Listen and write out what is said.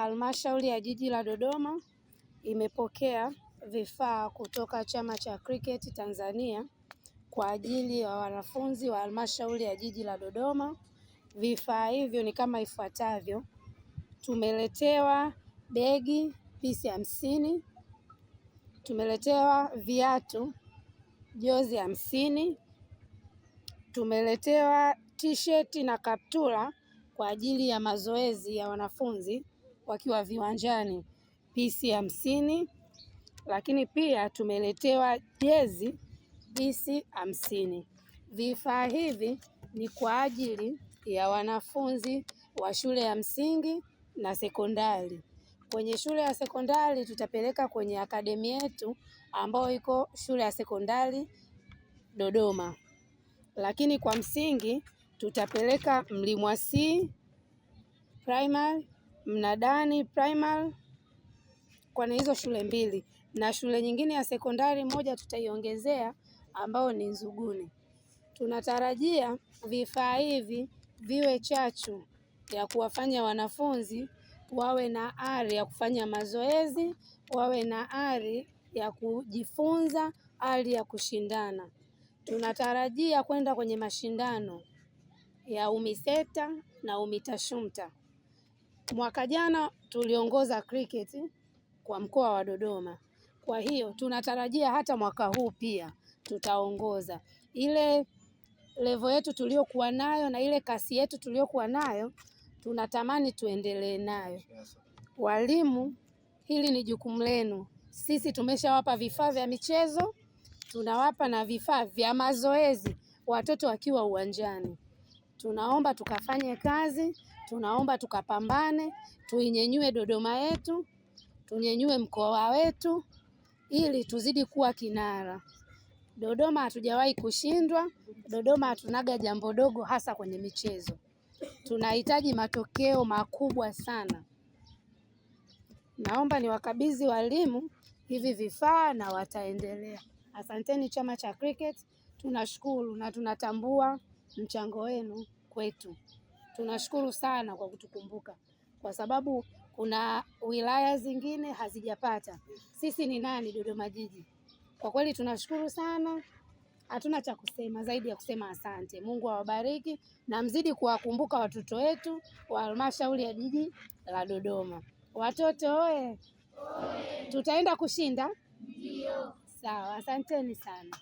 Halmashauri ya Jiji la Dodoma imepokea vifaa kutoka Chama cha Cricket Tanzania kwa ajili ya wanafunzi wa Halmashauri ya Jiji la Dodoma. Vifaa hivyo ni kama ifuatavyo: tumeletewa begi pisi hamsini, tumeletewa viatu jozi hamsini, tumeletewa tisheti na kaptula kwa ajili ya mazoezi ya wanafunzi wakiwa viwanjani pisi hamsini, lakini pia tumeletewa jezi pisi hamsini. Vifaa hivi ni kwa ajili ya wanafunzi wa shule ya msingi na sekondari. Kwenye shule ya sekondari tutapeleka kwenye akademi yetu ambayo iko shule ya sekondari Dodoma, lakini kwa msingi tutapeleka Mlimwa C Primary Mnadani Primary kwa na hizo shule mbili na shule nyingine ya sekondari moja tutaiongezea ambayo ni Nzuguni. Tunatarajia vifaa hivi viwe chachu ya kuwafanya wanafunzi wawe na ari ya kufanya mazoezi, wawe na ari ya kujifunza, ari ya kushindana. Tunatarajia kwenda kwenye mashindano ya UMISETA na UMITASHUMTA Mwaka jana tuliongoza cricket kwa mkoa wa Dodoma, kwa hiyo tunatarajia hata mwaka huu pia tutaongoza. Ile levo yetu tuliyokuwa nayo na ile kasi yetu tuliyokuwa nayo tunatamani tuendelee nayo. Walimu, hili ni jukumu lenu. Sisi tumeshawapa vifaa vya michezo, tunawapa na vifaa vya mazoezi watoto wakiwa uwanjani. Tunaomba tukafanye kazi, tunaomba tukapambane, tuinyenyue Dodoma yetu, tunyenyue mkoa wetu ili tuzidi kuwa kinara. Dodoma hatujawahi kushindwa. Dodoma hatunaga jambo dogo, hasa kwenye michezo. Tunahitaji matokeo makubwa sana. Naomba niwakabidhi walimu hivi vifaa na wataendelea. Asanteni chama cha cricket, tunashukuru na tunatambua mchango wenu kwetu. Tunashukuru sana kwa kutukumbuka, kwa sababu kuna wilaya zingine hazijapata. Sisi ni nani? Dodoma Jiji. Kwa kweli tunashukuru sana, hatuna cha kusema zaidi ya kusema asante. Mungu awabariki na mzidi kuwakumbuka watoto wetu wa halmashauri ya jiji la Dodoma. Watoto oye! Tutaenda kushinda. Ndio. Sawa, asanteni sana.